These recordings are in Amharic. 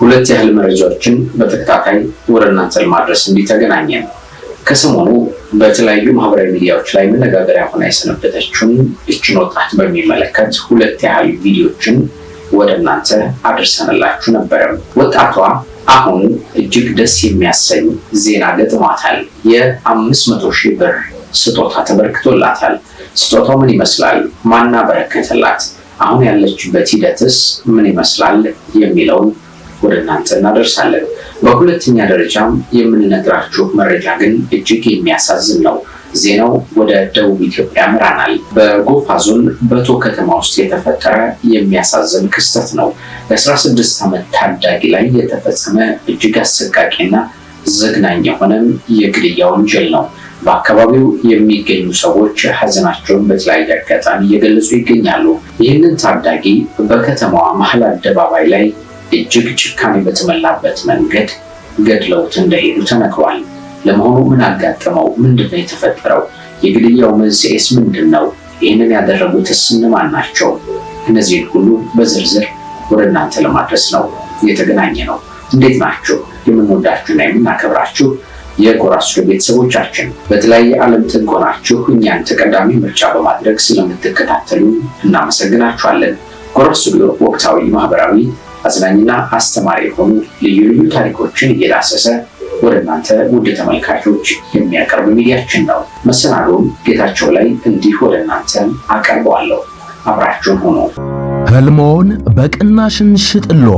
ሁለት ያህል መረጃዎችን በተከታታይ ወደ እናንተ ለማድረስ እንዲተገናኘ ነው። ከሰሞኑ በተለያዩ ማህበራዊ ሚዲያዎች ላይ መነጋገሪያ ሆና የሰነበተችውን እችን ወጣት በሚመለከት ሁለት ያህል ቪዲዮችን ወደ እናንተ አድርሰንላችሁ ነበረ። ወጣቷ አሁን እጅግ ደስ የሚያሰኝ ዜና ገጥሟታል። የአምስት መቶ ሺህ ብር ስጦታ ተበርክቶላታል። ስጦታው ምን ይመስላል? ማና በረከተላት? አሁን ያለችበት ሂደትስ ምን ይመስላል? የሚለውን ወደ እናንተ እናደርሳለን። በሁለተኛ ደረጃም የምንነግራችሁ መረጃ ግን እጅግ የሚያሳዝን ነው። ዜናው ወደ ደቡብ ኢትዮጵያ ምራናል። በጎፋ ዞን በቶ ከተማ ውስጥ የተፈጠረ የሚያሳዝን ክስተት ነው። የ16 ዓመት ታዳጊ ላይ የተፈጸመ እጅግ አሰቃቂና ዘግናኝ የሆነም የግድያ ወንጀል ነው። በአካባቢው የሚገኙ ሰዎች ሀዘናቸውን በተለያየ አጋጣሚ እየገለጹ ይገኛሉ። ይህንን ታዳጊ በከተማዋ መሀል አደባባይ ላይ እጅግ ጭካኔ በተሞላበት መንገድ ገድለውት እንደሄዱ ተነግሯል። ለመሆኑ ምን አጋጠመው? ምንድን ነው የተፈጠረው? የግድያው መንስኤስ ምንድን ነው? ይህንን ያደረጉትስ እነማን ናቸው? እነዚህን ሁሉ በዝርዝር ወደ እናንተ ለማድረስ ነው እየተገናኘ ነው። እንዴት ናችሁ? የምንወዳችሁና የምናከብራችሁ የጎራ ስቱዲዮ ቤተሰቦቻችን በተለያየ ዓለም ጥግ ሆናችሁ እኛን ተቀዳሚ ምርጫ በማድረግ ስለምትከታተሉ እናመሰግናችኋለን። ጎራ ስቱዲዮ ወቅታዊ፣ ማህበራዊ አዝናኝና አስተማሪ የሆኑ ልዩ ልዩ ታሪኮችን እየዳሰሰ ወደ እናንተ ውድ ተመልካቾች የሚያቀርብ ሚዲያችን ነው። መሰናዶም ጌታቸው ላይ እንዲህ ወደ እናንተ አቀርበዋለሁ። አብራችሁን ሆኖ ህልሞን በቅናሽን ሽጥሎ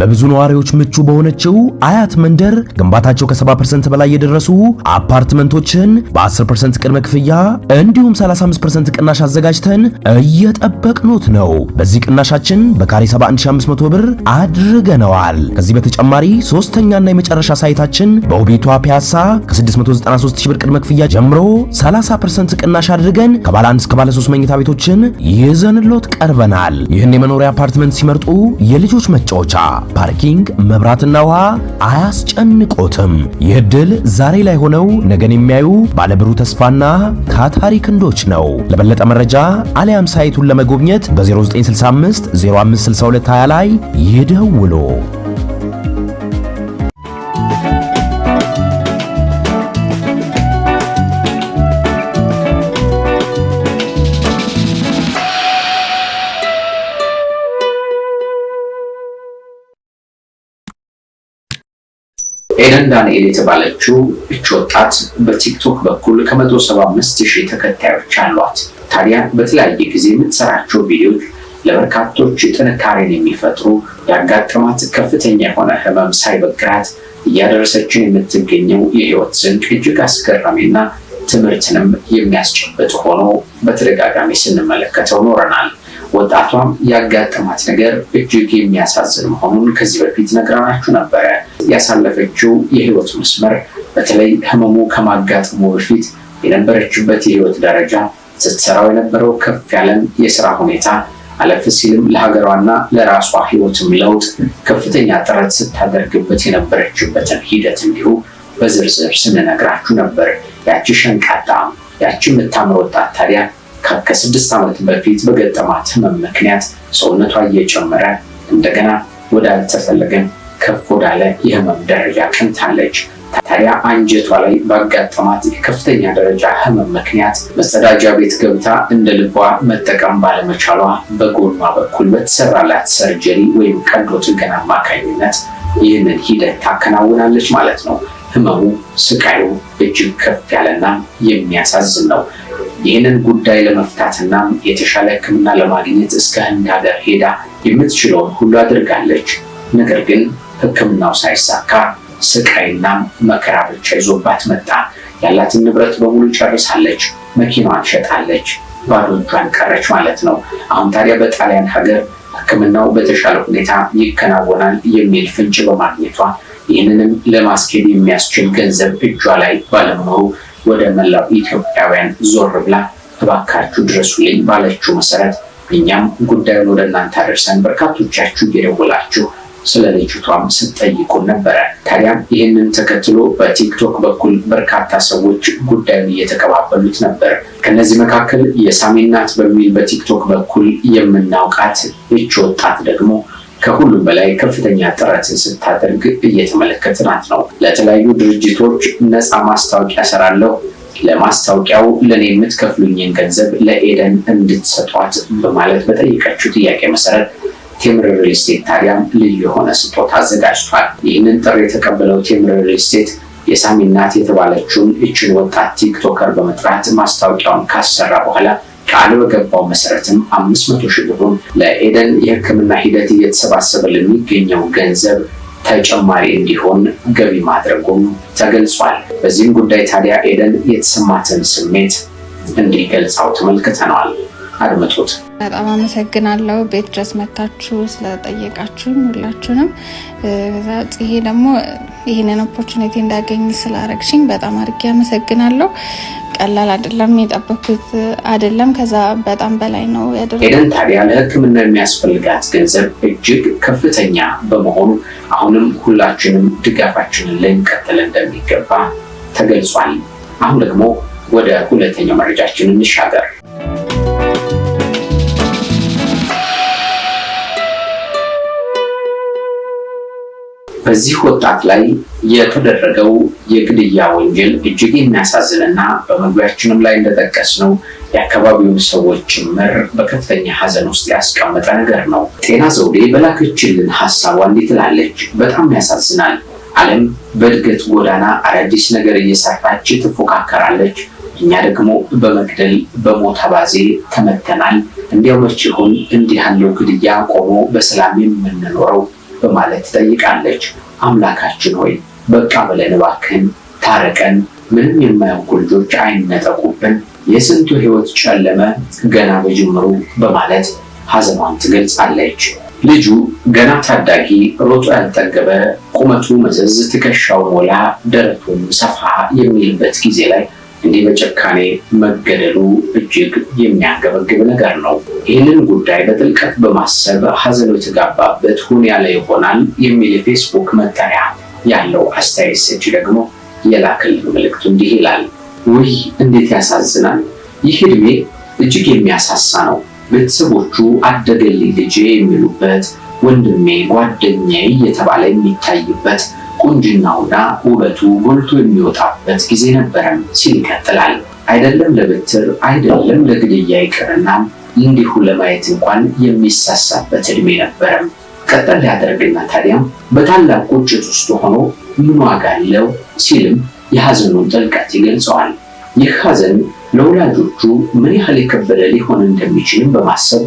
በብዙ ነዋሪዎች ምቹ በሆነችው አያት መንደር ግንባታቸው ከ70% በላይ የደረሱ አፓርትመንቶችን በ10% ቅድመ ክፍያ እንዲሁም 35% ቅናሽ አዘጋጅተን እየጠበቅኖት ነው። በዚህ ቅናሻችን በካሬ 71500 ብር አድርገነዋል። ከዚህ በተጨማሪ ሶስተኛና የመጨረሻ ሳይታችን በውቤቷ ፒያሳ ከ693000 ብር ቅድመ ክፍያ ጀምሮ 30% ቅናሽ አድርገን ከባለ አንድ እስከ ባለ 3 መኝታ ቤቶችን ይዘንሎት ቀርበናል። ይህን የመኖሪያ አፓርትመንት ሲመርጡ የልጆች መጫወቻ፣ ፓርኪንግ፣ መብራትና ውሃ አያስጨንቆትም። ይህ ዕድል ዛሬ ላይ ሆነው ነገን የሚያዩ ባለብሩህ ተስፋና ካታሪ ክንዶች ነው። ለበለጠ መረጃ አሊያም ሳይቱን ለመጎብኘት በ0965 056220 ላይ ይደውሉ። ኤደን ዳንኤል የተባለችው እች ወጣት በቲክቶክ በኩል ከ175 ሺህ ተከታዮች አሏት። ታዲያ በተለያየ ጊዜ የምትሰራቸው ቪዲዮች ለበርካቶች ጥንካሬን የሚፈጥሩ ያጋጠማት ከፍተኛ የሆነ ህመም ሳይበግራት እያደረሰችን የምትገኘው የህይወት ስንቅ እጅግ አስገራሚና ትምህርትንም የሚያስጨብጥ ሆኖ በተደጋጋሚ ስንመለከተው ኖረናል። ወጣቷም ያጋጠማት ነገር እጅግ የሚያሳዝን መሆኑን ከዚህ በፊት ነግረናችሁ ነበረ። ያሳለፈችው የህይወት መስመር በተለይ ህመሙ ከማጋጠሙ በፊት የነበረችበት የህይወት ደረጃ፣ ስትሰራው የነበረው ከፍ ያለም የስራ ሁኔታ፣ አለፍ ሲልም ለሀገሯና ለራሷ ህይወትም ለውጥ ከፍተኛ ጥረት ስታደርግበት የነበረችበትን ሂደት እንዲሁ በዝርዝር ስንነግራችሁ ነበር። ያቺ ሸንቃጣ ያቺ የምታምር ወጣት ታዲያ ከስድስት ዓመት በፊት በገጠማት ህመም ምክንያት ሰውነቷ እየጨመረ እንደገና ወዳልተፈለገን ከፍ ወዳለ የህመም ደረጃ ቀንታለች። ታዲያ አንጀቷ ላይ ባጋጠማት የከፍተኛ ደረጃ ህመም ምክንያት መጸዳጃ ቤት ገብታ እንደ ልቧ መጠቀም ባለመቻሏ በጎኗ በኩል በተሰራላት ሰርጀሪ ወይም ቀዶ ጥገና አማካኝነት ይህንን ሂደት ታከናውናለች ማለት ነው። ህመሙ፣ ስቃዩ እጅግ ከፍ ያለና የሚያሳዝን ነው። ይህንን ጉዳይ ለመፍታትና የተሻለ ሕክምና ለማግኘት እስከ ህንድ ሀገር ሄዳ የምትችለውን ሁሉ አድርጋለች። ነገር ግን ህክምናው ሳይሳካ ስቃይና መከራ ብቻ ይዞባት መጣ። ያላትን ንብረት በሙሉ ጨርሳለች። መኪናዋን ሸጣለች። ባዶ እጇን ቀረች ማለት ነው። አሁን ታዲያ በጣሊያን ሀገር ህክምናው በተሻለ ሁኔታ ይከናወናል የሚል ፍንጭ በማግኘቷ ይህንንም ለማስኬድ የሚያስችል ገንዘብ እጇ ላይ ባለመኖሩ ወደ መላው ኢትዮጵያውያን ዞር ብላ እባካችሁ ድረሱልኝ ባለችው መሰረት እኛም ጉዳዩን ወደ እናንተ አደርሰን በርካቶቻችሁ እየደወላችሁ ስለ ልጅቷም ስጠይቁ ነበረ። ታዲያም ይህንን ተከትሎ በቲክቶክ በኩል በርካታ ሰዎች ጉዳዩን እየተቀባበሉት ነበር። ከነዚህ መካከል የሳሚ እናት በሚል በቲክቶክ በኩል የምናውቃት ይች ወጣት ደግሞ ከሁሉም በላይ ከፍተኛ ጥረት ስታደርግ እየተመለከትናት ነው። ለተለያዩ ድርጅቶች ነፃ ማስታወቂያ ሰራለሁ ለማስታወቂያው ለእኔ የምትከፍሉኝን ገንዘብ ለኤደን እንድትሰጧት በማለት በጠየቀችው ጥያቄ መሰረት ቴምር ሪል ስቴት ታዲያም ልዩ የሆነ ስጦታ አዘጋጅቷል። ይህንን ጥሪ የተቀበለው ቴምር ሪል ስቴት የሳሚናት የተባለችውን እችን ወጣት ቲክቶከር በመጥራት ማስታወቂያውን ካሰራ በኋላ ቃል በገባው መሰረትም አምስት መቶ ሺህ ብሩን ለኤደን የሕክምና ሂደት እየተሰባሰበ ለሚገኘው ገንዘብ ተጨማሪ እንዲሆን ገቢ ማድረጉም ተገልጿል። በዚህም ጉዳይ ታዲያ ኤደን የተሰማትን ስሜት እንዲገልጻው ተመልክተነዋል። አድምጡት። በጣም አመሰግናለሁ ቤት ድረስ መታችሁ ስለጠየቃችሁኝ ሁላችሁንም። በዛ ጽሄ ደግሞ ይህንን ኦፖርቹኒቲ እንዳገኝ ስላረግሽኝ በጣም አድርጌ አመሰግናለሁ። ቀላል አይደለም፣ የጠበኩት አይደለም፣ ከዛ በጣም በላይ ነው ያደረገው። ኤደን ታዲያ ለሕክምና የሚያስፈልጋት ገንዘብ እጅግ ከፍተኛ በመሆኑ አሁንም ሁላችንም ድጋፋችንን ልንቀጥል እንደሚገባ ተገልጿል። አሁን ደግሞ ወደ ሁለተኛው መረጃችን እንሻገር። በዚህ ወጣት ላይ የተደረገው የግድያ ወንጀል እጅግ የሚያሳዝንና በመግቢያችንም ላይ እንደጠቀስነው የአካባቢውን ሰዎች ጭምር በከፍተኛ ሐዘን ውስጥ ያስቀመጠ ነገር ነው። ጤና ዘውዴ በላከችልን ሀሳቧ እንዲህ ትላለች። በጣም ያሳዝናል። ዓለም በእድገት ጎዳና አዳዲስ ነገር እየሰራች ትፎካከራለች። እኛ ደግሞ በመግደል በሞት አባዜ ተመተናል። እንዲያው መቼ ይሆን እንዲህ ያለው ግድያ ቆሞ በሰላም የምንኖረው? በማለት ትጠይቃለች። አምላካችን ሆይ በቃ ብለን እባክህን ታረቀን፣ ምንም የማያውቁ ልጆች አይነጠቁብን፣ የስንቱ ህይወት ጨለመ ገና በጅምሩ በማለት ሐዘኗን ትገልጻለች። ልጁ ገና ታዳጊ ሮጦ ያልጠገበ ቁመቱ መዘዝ፣ ትከሻው ሞላ፣ ደረቱም ሰፋ የሚልበት ጊዜ ላይ እንዲህ በጭካኔ መገደሉ እጅግ የሚያንገበግብ ነገር ነው። ይህንን ጉዳይ በጥልቀት በማሰብ ሀዘኑ የተጋባበት ሁን ያለ ይሆናል የሚል የፌስቡክ መጠሪያ ያለው አስተያየት ሰጪ ደግሞ የላከልን መልእክቱ እንዲህ ይላል። ውይ እንዴት ያሳዝናል! ይህ እድሜ እጅግ የሚያሳሳ ነው። ቤተሰቦቹ አደገልኝ ልጄ የሚሉበት፣ ወንድሜ ጓደኛዬ እየተባለ የሚታይበት ቁንጅናውና ውበቱ ጎልቶ የሚወጣበት ጊዜ ነበረም ሲል ይቀጥላል። አይደለም ለብትር አይደለም ለግድያ ይቅርና እንዲሁ ለማየት እንኳን የሚሳሳበት እድሜ ነበረም። ቀጠል ያደርግና ታዲያም በታላቅ ቁጭት ውስጥ ሆኖ ምን ዋጋ አለው ሲልም የሐዘኑን ጥልቀት ይገልጸዋል። ይህ ሐዘን ለወላጆቹ ምን ያህል የከበደ ሊሆን እንደሚችልም በማሰብ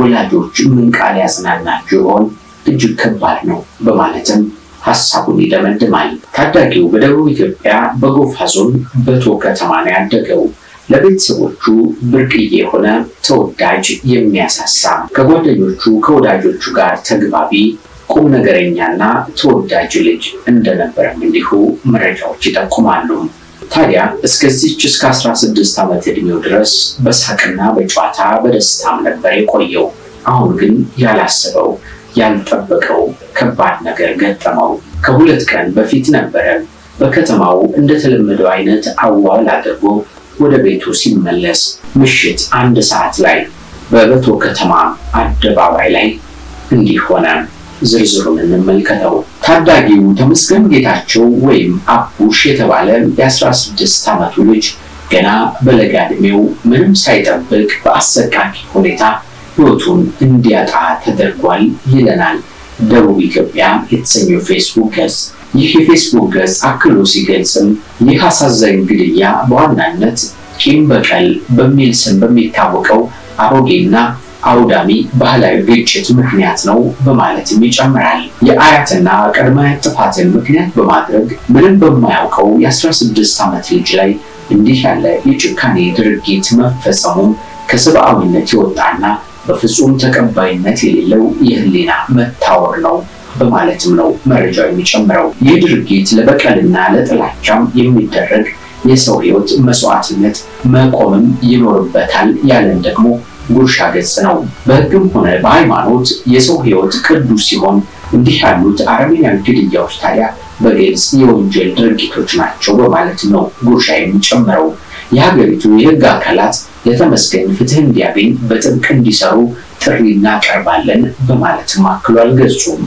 ወላጆች ምን ቃል ያጽናናቸው ይሆን? እጅግ ከባድ ነው በማለትም ሀሳቡን ይደመድማል። ታዳጊው በደቡብ ኢትዮጵያ በጎፋ ዞን በቶ ከተማ ነው ያደገው። ለቤተሰቦቹ ብርቅዬ የሆነ ተወዳጅ፣ የሚያሳሳ ከጓደኞቹ ከወዳጆቹ ጋር ተግባቢ ቁም ነገረኛና ተወዳጅ ልጅ እንደነበረም እንዲሁ መረጃዎች ይጠቁማሉ። ታዲያ እስከዚች እስከ 16 ዓመት ዕድሜው ድረስ በሳቅና በጨዋታ በደስታም ነበር የቆየው። አሁን ግን ያላሰበው ያልጠበቀው ከባድ ነገር ገጠመው። ከሁለት ቀን በፊት ነበረ በከተማው እንደተለመደው አይነት አዋል አድርጎ ወደ ቤቱ ሲመለስ ምሽት አንድ ሰዓት ላይ በበቶ ከተማ አደባባይ ላይ እንዲህ ሆነ። ዝርዝሩን እንመልከተው። ታዳጊው ተመስገን ጌታቸው ወይም አቡሽ የተባለ የ16 ዓመቱ ልጅ ገና በለጋ ዕድሜው ምንም ሳይጠብቅ በአሰቃቂ ሁኔታ ህይወቱን እንዲያጣ ተደርጓል ይለናል ደቡብ ኢትዮጵያ የተሰኘው ፌስቡክ ገጽ። ይህ የፌስቡክ ገጽ አክሎ ሲገልጽም ይህ አሳዛኝ ግድያ በዋናነት ቂም በቀል በሚል ስም በሚታወቀው አሮጌና አውዳሚ ባህላዊ ግጭት ምክንያት ነው በማለትም ይጨምራል። የአያትና ቅድመ አያት ጥፋትን ምክንያት በማድረግ ምንም በማያውቀው የ16 ዓመት ልጅ ላይ እንዲህ ያለ የጭካኔ ድርጊት መፈጸሙም ከሰብአዊነት የወጣና በፍጹም ተቀባይነት የሌለው የህሊና መታወር ነው በማለትም ነው መረጃው የሚጨምረው። ይህ ድርጊት ለበቀልና ለጥላቻም የሚደረግ የሰው ህይወት መስዋዕትነት መቆምም ይኖርበታል ያለን ደግሞ ጉርሻ ገጽ ነው። በህግም ሆነ በሃይማኖት የሰው ህይወት ቅዱስ ሲሆን እንዲህ ያሉት አረመኔያዊ ግድያዎች ታዲያ በግልጽ የወንጀል ድርጊቶች ናቸው በማለት ነው ጉርሻ የሚጨምረው። የሀገሪቱ የህግ አካላት ለተመስገን ፍትህ እንዲያገኝ በጥብቅ እንዲሰሩ ጥሪ እናቀርባለን በማለትም አክሎ ገጹም።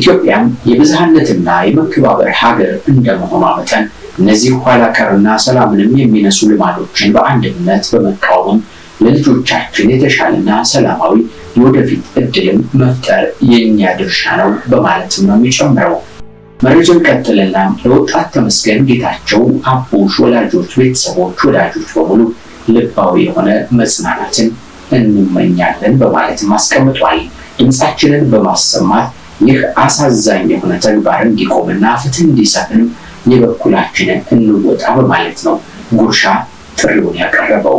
ኢትዮጵያም የብዝሃነትና የመከባበር ሀገር እንደመሆኗ መጠን እነዚህ ኋላ ቀርና ሰላምንም የሚነሱ ልማዶችን በአንድነት በመቃወም ለልጆቻችን የተሻለና ሰላማዊ የወደፊት እድልም መፍጠር የእኛ ድርሻ ነው በማለትም ነው የሚጨምረው። መረጃው ቀጥልና ለወጣት ተመስገን ጌታቸው አቦሽ ወላጆች፣ ቤተሰቦች፣ ወዳጆች በሙሉ ልባዊ የሆነ መጽናናትን እንመኛለን በማለትም አስቀምጧል። ድምፃችንን በማሰማት ይህ አሳዛኝ የሆነ ተግባር እንዲቆምና ፍትህ እንዲሰፍንም የበኩላችንን እንወጣ በማለት ነው ጉርሻ ጥሪውን ያቀረበው።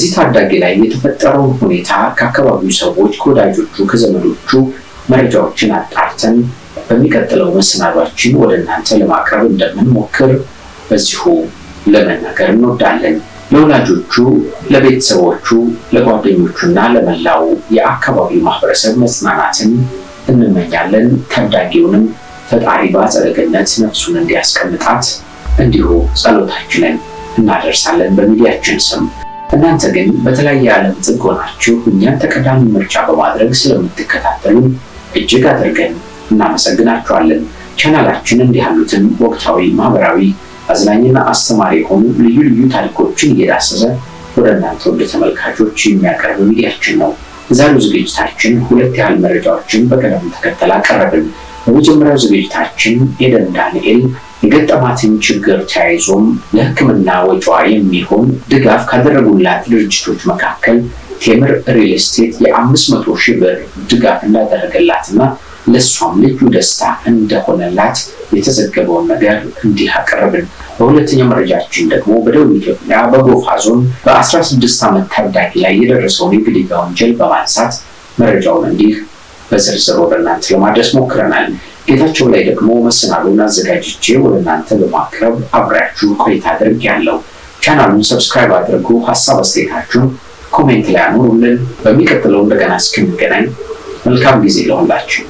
በዚህ ታዳጊ ላይ የተፈጠረውን ሁኔታ ከአካባቢው ሰዎች፣ ከወዳጆቹ፣ ከዘመዶቹ መረጃዎችን አጣርተን በሚቀጥለው መሰናዷችን ወደ እናንተ ለማቅረብ እንደምንሞክር በዚሁ ለመናገር እንወዳለን። ለወላጆቹ፣ ለቤተሰቦቹ፣ ለጓደኞቹና ለመላው የአካባቢው ማህበረሰብ መጽናናትን እንመኛለን። ታዳጊውንም ፈጣሪ በአጸደ ገነት ነፍሱን እንዲያስቀምጣት እንዲሁ ጸሎታችንን እናደርሳለን በሚዲያችን ስም። እናንተ ግን በተለያየ ዓለም ጥግ ሆናችሁ እኛን ተቀዳሚ ምርጫ በማድረግ ስለምትከታተሉን እጅግ አድርገን እናመሰግናችኋለን። ቻናላችን እንዲህ ያሉትን ወቅታዊ፣ ማህበራዊ፣ አዝናኝና አስተማሪ የሆኑ ልዩ ልዩ ታሪኮችን እየዳሰሰ ወደ እናንተ ወደ ተመልካቾች የሚያቀርብ ሚዲያችን ነው። በዛሬው ዝግጅታችን ሁለት ያህል መረጃዎችን በቅደም ተከተል አቀረብን። በመጀመሪያው ዝግጅታችን ኤደን ዳንኤል የገጠማትን ችግር ተያይዞም ለሕክምና ወጪዋ የሚሆን ድጋፍ ካደረጉላት ድርጅቶች መካከል ቴምር ሪል ስቴት የአምስት መቶ ሺህ ብር ድጋፍ እንዳደረገላትና ለእሷም ልዩ ደስታ እንደሆነላት የተዘገበውን ነገር እንዲህ አቀረብን። በሁለተኛ መረጃችን ደግሞ በደቡብ ኢትዮጵያ በጎፋ ዞን በ16 ዓመት ታዳጊ ላይ የደረሰውን የግድያ ወንጀል በማንሳት መረጃውን እንዲህ በዝርዝር ወደ እናንተ ለማድረስ ሞክረናል። ጌታቸው ላይ ደግሞ መሰናዶን አዘጋጅቼ ወደ እናንተ በማቅረብ አብራችሁ ቆይታ አድርግ ያለው። ቻናሉን ሰብስክራይብ አድርጉ። ሀሳብ አስተያየታችሁን ኮሜንት ላይ አኑሩልን። በሚቀጥለው እንደገና እስክንገናኝ መልካም ጊዜ ለሁላችሁ።